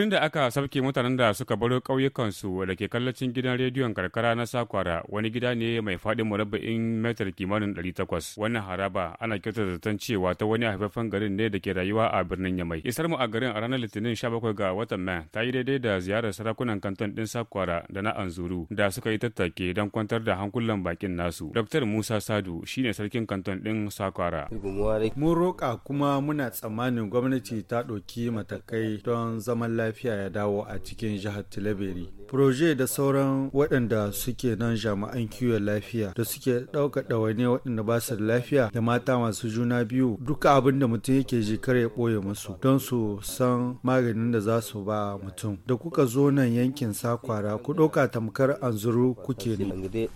wurin da aka sabke mutanen da suka baro ƙauyukansu da ke kallacin gidan rediyon karkara na sakwara wani gida ne mai faɗin murabba'in metar kimanin 800 wannan haraba ana kyautar zaton cewa ta wani haifaffen garin ne da ke rayuwa a birnin yamai isar mu a garin a ranar litinin 17 ga watan mai ta yi daidai da ziyarar sarakunan kanton ɗin sakwara da na anzuru da suka yi tattake don kwantar da hankulan bakin nasu dr musa sadu shine sarkin kanton ɗin sakwara mun roƙa kuma muna tsammanin gwamnati ta ɗauki matakai don zaman lafiya lafiya ya dawo a cikin jihar Tilaberi. Proje da sauran waɗanda suke nan jami'an kiwon lafiya da suke ɗauka ɗawane waɗanda ba su lafiya da mata masu juna biyu duka abin da mutum yake ji kar ya ɓoye musu don su san maganin da za su ba mutum. Da kuka zo nan yankin sakwara ku ɗauka tamkar anzuru kuke ne.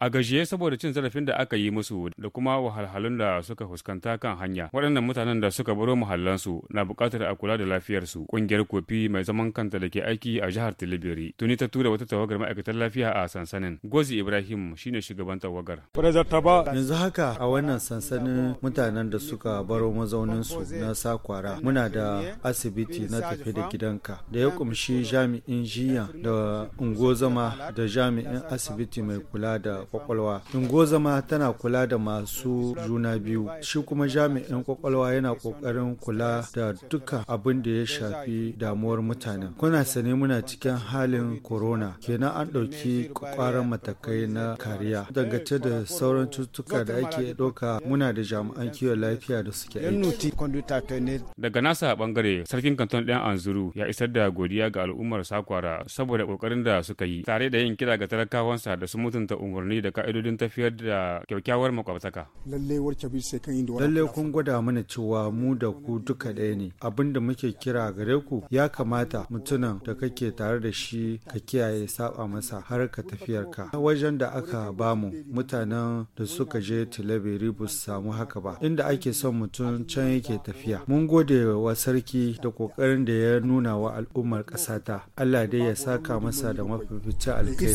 A gajiye saboda cin zarafin da aka yi musu da kuma wahalhalun da suka fuskanta kan hanya waɗannan mutanen da suka baro muhallansu na buƙatar a kula da lafiyarsu ƙungiyar kofi mai zaman kanta da ke aiki a jihar Tilibiri. Tuni ta tura wata tawagar ma'aikatar lafiya a sansanin. Gozi Ibrahim shine shugaban tawagar. Yanzu haka a wannan sansanin mutanen da suka baro su na sakwara muna da asibiti na tafi da gidanka da ya kumshi jami'in jiya da ungozama da jami'in asibiti mai kula da kwakwalwa. Ungozama tana kula da masu juna biyu shi kuma jami'in kwakwalwa yana kokarin kula da duka abin da ya shafi damuwar mutanen kuna sane muna cikin halin corona kenan an ɗauki ƙwarar matakai na kariya Dangace da sauran cututtuka da ake ɗauka muna da jami'an kiwon lafiya da suke aiki daga nasa bangare sarkin kanton ɗan anzuru ya isar da godiya ga al'ummar sakwara saboda ƙoƙarin da suka yi tare da yin kira ga talakawansa da su mutunta umarni da ka'idodin tafiyar da kyakkyawar makwabtaka lallai kun gwada mana cewa mu da ku duka ɗaya ne abin da muke kira gare ku ya kamata mutunan da kake tare da shi ka kiyaye saba masa har ka tafiyar tafiyarka wajen da aka bamu mutanen da suka je tilabiri ba su samu haka ba inda ake son mutum can yake tafiya mun gode wa sarki da kokarin da ya nuna wa al'ummar ƙasata allah dai ya saka masa da mafificin alkhairi